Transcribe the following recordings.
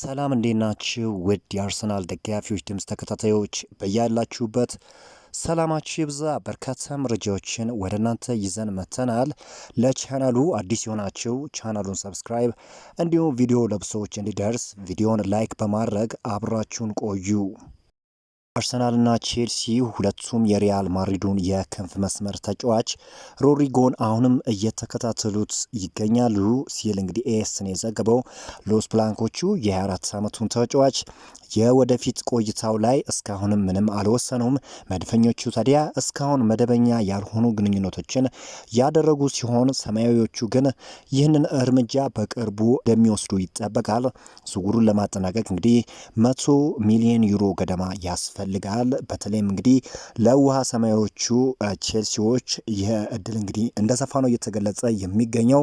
ሰላም እንዴት ናችሁ? ውድ የአርሰናል ደጋፊዎች ድምፅ ተከታታዮች በያላችሁበት ሰላማችሁ ይብዛ። በርካታ መረጃዎችን ወደ እናንተ ይዘን መተናል። ለቻናሉ አዲስ የሆናችሁ ቻናሉን ሰብስክራይብ፣ እንዲሁም ቪዲዮ ለብሶዎች እንዲደርስ ቪዲዮን ላይክ በማድረግ አብራችሁን ቆዩ። አርሰናልና ቼልሲ ሁለቱም የሪያል ማድሪዱን የክንፍ መስመር ተጫዋች ሮድሪጎን አሁንም እየተከታተሉት ይገኛሉ ሲል እንግዲህ ኤስን የዘገበው ሎስ ብላንኮቹ የ24 ዓመቱን ተጫዋች የወደፊት ቆይታው ላይ እስካሁንም ምንም አልወሰኑም። መድፈኞቹ ታዲያ እስካሁን መደበኛ ያልሆኑ ግንኙነቶችን ያደረጉ ሲሆን፣ ሰማያዊዎቹ ግን ይህንን እርምጃ በቅርቡ እንደሚወስዱ ይጠበቃል። ዝውውሩን ለማጠናቀቅ እንግዲህ መቶ ሚሊዮን ዩሮ ገደማ ያስፈልጋል። በተለይም እንግዲህ ለውሃ ሰማያዎቹ ቼልሲዎች ይህ እድል እንግዲህ እንደሰፋ ነው እየተገለጸ የሚገኘው።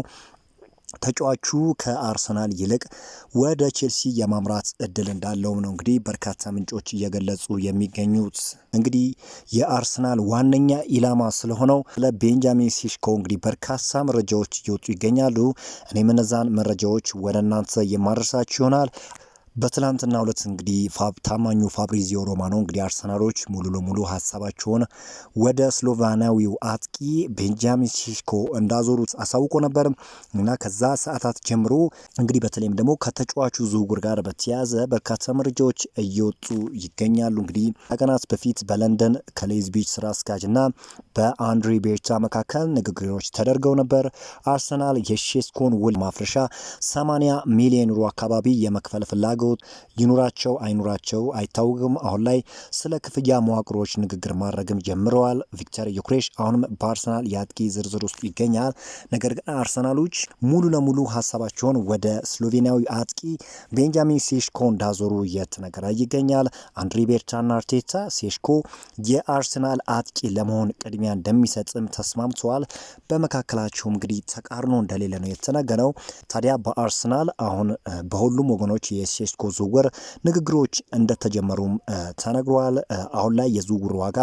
ተጫዋቹ ከአርሰናል ይልቅ ወደ ቼልሲ የማምራት እድል እንዳለውም ነው እንግዲህ በርካታ ምንጮች እየገለጹ የሚገኙት። እንግዲህ የአርሰናል ዋነኛ ኢላማ ስለሆነው ለቤንጃሚን ሲሽኮ እንግዲህ በርካታ መረጃዎች እየወጡ ይገኛሉ። እኔም እነዛን መረጃዎች ወደ እናንተ የማደርሳችሁ ይሆናል። በትላንትና ሁለት እንግዲህ ታማኙ ፋብሪዚዮ ሮማኖ እንግዲህ አርሰናሎች ሙሉ ለሙሉ ሀሳባቸውን ወደ ስሎቫናዊው አጥቂ ቤንጃሚን ሲሽኮ እንዳዞሩት አሳውቆ ነበር እና ከዛ ሰዓታት ጀምሮ እንግዲህ በተለይም ደግሞ ከተጫዋቹ ዝውውር ጋር በተያያዘ በርካታ መረጃዎች እየወጡ ይገኛሉ። እንግዲህ ከቀናት በፊት በለንደን ከሌዝቢች ስራ አስኪያጅ እና በአንድሪ ቤርታ መካከል ንግግሮች ተደርገው ነበር። አርሰናል የሼስኮን ውል ማፍረሻ 80 ሚሊዮን ዩሮ አካባቢ የመክፈል ፍላጎት ይኑራቸው አይኑራቸው አይታወቅም። አሁን ላይ ስለ ክፍያ መዋቅሮች ንግግር ማድረግም ጀምረዋል። ቪክተር ዩክሬሽ አሁንም በአርሰናል የአጥቂ ዝርዝር ውስጥ ይገኛል። ነገር ግን አርሰናሎች ሙሉ ለሙሉ ሀሳባቸውን ወደ ስሎቬኒያዊ አጥቂ ቤንጃሚን ሴሽኮ እንዳዞሩ እየተነገረ ይገኛል። አንድሪ ቤርታና አርቴታ ሴሽኮ የአርሰናል አጥቂ ለመሆን ቅድሚያ እንደሚሰጥም ተስማምተዋል። በመካከላቸውም እንግዲህ ተቃርኖ እንደሌለ ነው የተነገረው። ታዲያ በአርሰናል አሁን በሁሉም ወገኖች የሴሽኮ የሞስኮ ዝውውር ንግግሮች እንደተጀመሩም ተነግሯል። አሁን ላይ የዝውውር ዋጋ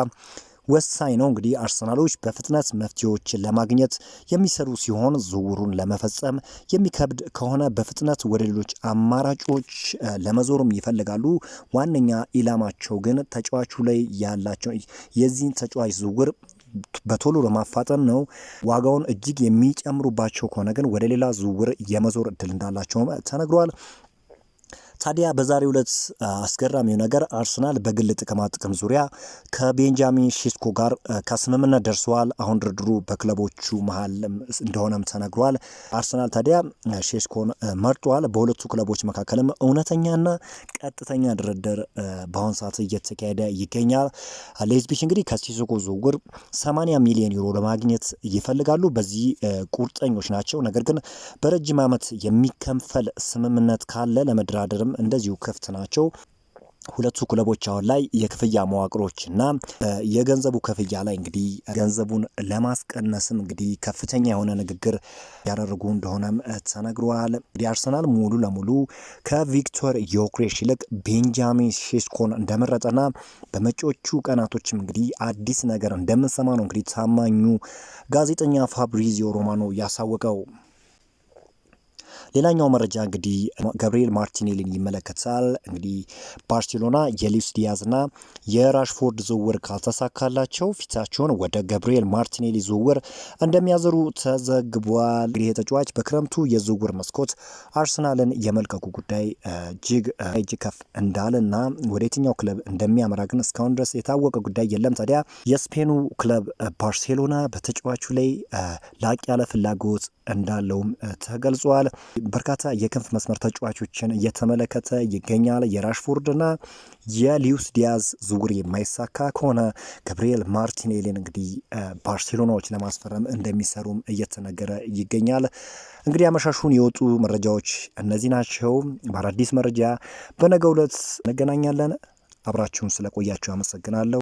ወሳኝ ነው። እንግዲህ አርሰናሎች በፍጥነት መፍትሄዎች ለማግኘት የሚሰሩ ሲሆን ዝውውሩን ለመፈጸም የሚከብድ ከሆነ በፍጥነት ወደ ሌሎች አማራጮች ለመዞርም ይፈልጋሉ። ዋነኛ ኢላማቸው ግን ተጫዋቹ ላይ ያላቸው የዚህን ተጫዋች ዝውውር በቶሎ ለማፋጠን ነው። ዋጋውን እጅግ የሚጨምሩባቸው ከሆነ ግን ወደ ሌላ ዝውውር የመዞር እድል እንዳላቸውም ተነግሯል። ታዲያ በዛሬው ዕለት አስገራሚው ነገር አርሰናል በግል ጥቅማ ጥቅም ዙሪያ ከቤንጃሚን ሼስኮ ጋር ከስምምነት ደርሰዋል። አሁን ድርድሩ በክለቦቹ መሀል እንደሆነም ተነግሯል። አርሰናል ታዲያ ሼስኮን መርጧል። በሁለቱ ክለቦች መካከልም እውነተኛና ቀጥተኛ ድርድር በአሁን ሰዓት እየተካሄደ ይገኛል። ሌዝቢች እንግዲህ ከሴስኮ ዝውውር 80 ሚሊዮን ዩሮ ለማግኘት ይፈልጋሉ። በዚህ ቁርጠኞች ናቸው። ነገር ግን በረጅም ዓመት የሚከፈል ስምምነት ካለ ለመደራደር መዋቅርም እንደዚሁ ክፍት ናቸው። ሁለቱ ክለቦች አሁን ላይ የክፍያ መዋቅሮች እና የገንዘቡ ክፍያ ላይ እንግዲህ ገንዘቡን ለማስቀነስም እንግዲህ ከፍተኛ የሆነ ንግግር ያደረጉ እንደሆነም ተነግሯል። እንግዲህ አርሰናል ሙሉ ለሙሉ ከቪክቶር ዮክሬሽ ይልቅ ቤንጃሚን ሼስኮን እንደመረጠና በመጪዎቹ ቀናቶችም እንግዲህ አዲስ ነገር እንደምንሰማ ነው እንግዲህ ታማኙ ጋዜጠኛ ፋብሪዚዮ ሮማኖ ያሳወቀው። ሌላኛው መረጃ እንግዲህ ገብርኤል ማርቲኔሊን ይመለከታል። እንግዲህ ባርሴሎና የሉዊስ ዲያዝ የራሽፎርድ ዝውውር ካልተሳካላቸው ፊታቸውን ወደ ገብርኤል ማርቲኔሊ ዝውውር እንደሚያዘሩ ተዘግቧል። እንግዲህ ተጫዋች በክረምቱ የዝውውር መስኮት አርሰናልን የመልቀቁ ጉዳይ እጅግ እጅግ ከፍ እንዳለና ወደ የትኛው ክለብ እንደሚያመራ ግን እስካሁን ድረስ የታወቀ ጉዳይ የለም። ታዲያ የስፔኑ ክለብ ባርሴሎና በተጫዋቹ ላይ ላቅ ያለ ፍላጎት እንዳለውም ተገልጿል። በርካታ የክንፍ መስመር ተጫዋቾችን እየተመለከተ ይገኛል። የራሽፎርድና የሊዩስ ዲያዝ ዝውውር የማይሳካ ከሆነ ገብርኤል ማርቲኔሊን እንግዲህ ባርሴሎናዎች ለማስፈረም እንደሚሰሩም እየተነገረ ይገኛል። እንግዲህ አመሻሹን የወጡ መረጃዎች እነዚህ ናቸው። በአዳዲስ መረጃ በነገው ዕለት እንገናኛለን። አብራችሁን ስለቆያችሁ አመሰግናለሁ።